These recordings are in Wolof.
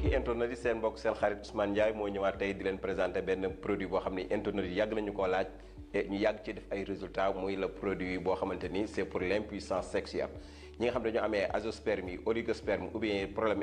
mbokki internet seen mbokk seen xarit Ousmane Ndiaye moo ñëwaat tey di leen présenter benn produit boo xam ne internet yàgg nañu ko laaj te ñu yàgg ci def ay résultats muy le produit boo xamante ni c'est pour l'impuissance sexuelle ñi nga xam dañoo amee azoospermie oligosperme ou bien problème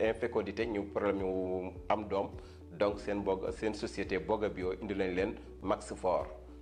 infécondité ñu problème ñu am doom donc seen bog seen société Boga Bio indi nañ leen Max Fort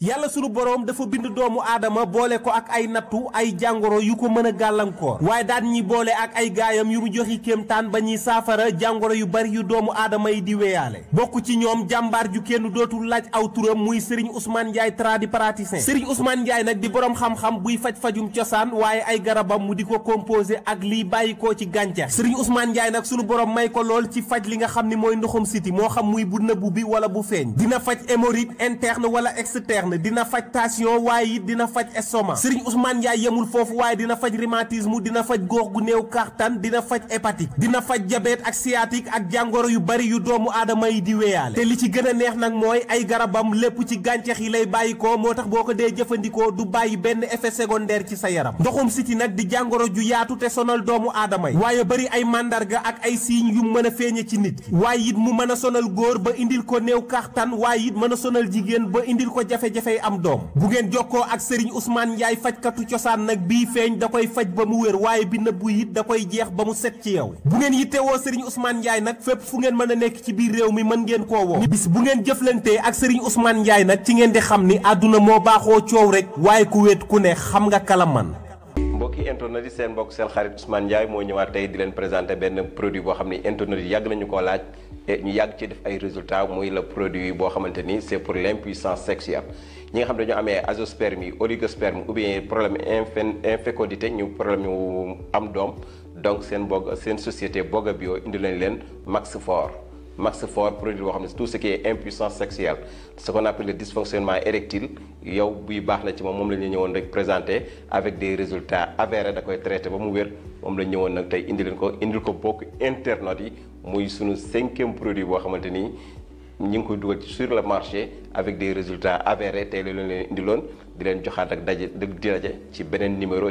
yàlla sunu boroom dafa bind doomu aadama boole ko ak ay nattu ay jàngoro yu ko mën a gàllankoor waaye daan ñi boole ak ay gaayam yu mu joxi kéemtaan ba ñuy saafara jàngoro yu bari yu doomu aadama yi di weyaale bokk ci ñoom jàmbaar ju kenn dootul laaj aw turam muy Serigne Ousmane Ndiaye tradipraticien Serigne Ousmane Ndiaye nag di boroom xam-xam buy faj-fajum cosaan waaye ay garabam mu di ko composé ak liy bàyyi koo ci gàncax Serigne Ousmane Ndiaye nag sunu boroom may ko lool ci faj li nga xam ni mooy ndoxum siti moo xam muy bu nëbbu bi wala bu feeñ dina faj hémorroïde interne wala externe interne dina faj tension waaye it dina faj estomac Serigne Ousmane Ndiaye yemul foofu waaye dina faj rhumatisme dina faj góor gu néew kartan dina faj hépatique dina faj diabète ak sciatique ak jàngoro yu bari yu doomu aadama yi di weeyaale te li ci gën a neex nag mooy ay garabam lépp ci gàncax yi lay bàyyi ko moo tax boo ko dee jëfandikoo du bàyyi benn effet secondaire ci sa yaram ndoxum siti nag di jàngoro ju yaatu te sonal doomu aadama yi waaye bari ay mandarga ak ay signes yu mën a feeñe ci nit waaye góor ba indil ko néew a jafe-jafey am doom bu ngeen jokkoo ak sëriñ usmaan Ndiaye fajkatu cosaan nag bii feeñ da koy faj ba mu wér waaye bi bu it da koy jeex ba mu set ci yow bu ngeen yittewoo sëriñ Ousmane Ndiaye nag fépp fu ngeen mën a nekk ci biir réew mi mën ngeen koo woo bis bu ngeen jëflantee ak sëriñ Ousmane Ndiaye nag ci ngeen di xam ni àdduna moo baaxoo coow rek waaye ku wéet ku ne xam nga kalaman man mbokki internet yi seen mbokk seen xarit Ousmane Ndiaye moo ñëwaat tey di leen présenter benn produit boo xam ne internet yàgg nañu ko laaj et ñu yàgg ci def ay résultats muy le produit boo xamante ni c'est pour l'impuissance sexuelle ñi nga xam ne dañoo amee azoospermie oligosperme ou bien problème infécondité ñu problème ñu am doom donc seen bog seen société Boga Bio indi lañ leen Max Fort max fort produit tout ce qui est impuissance sexuelle ce qu'on appelle le dysfonctionnement érectile yow buy baax na ci moom moom la rek avec des résultats avérés da koy traité ba mu la cinquième produit sur le marché avec des résultats avérés tey nous di leen numéro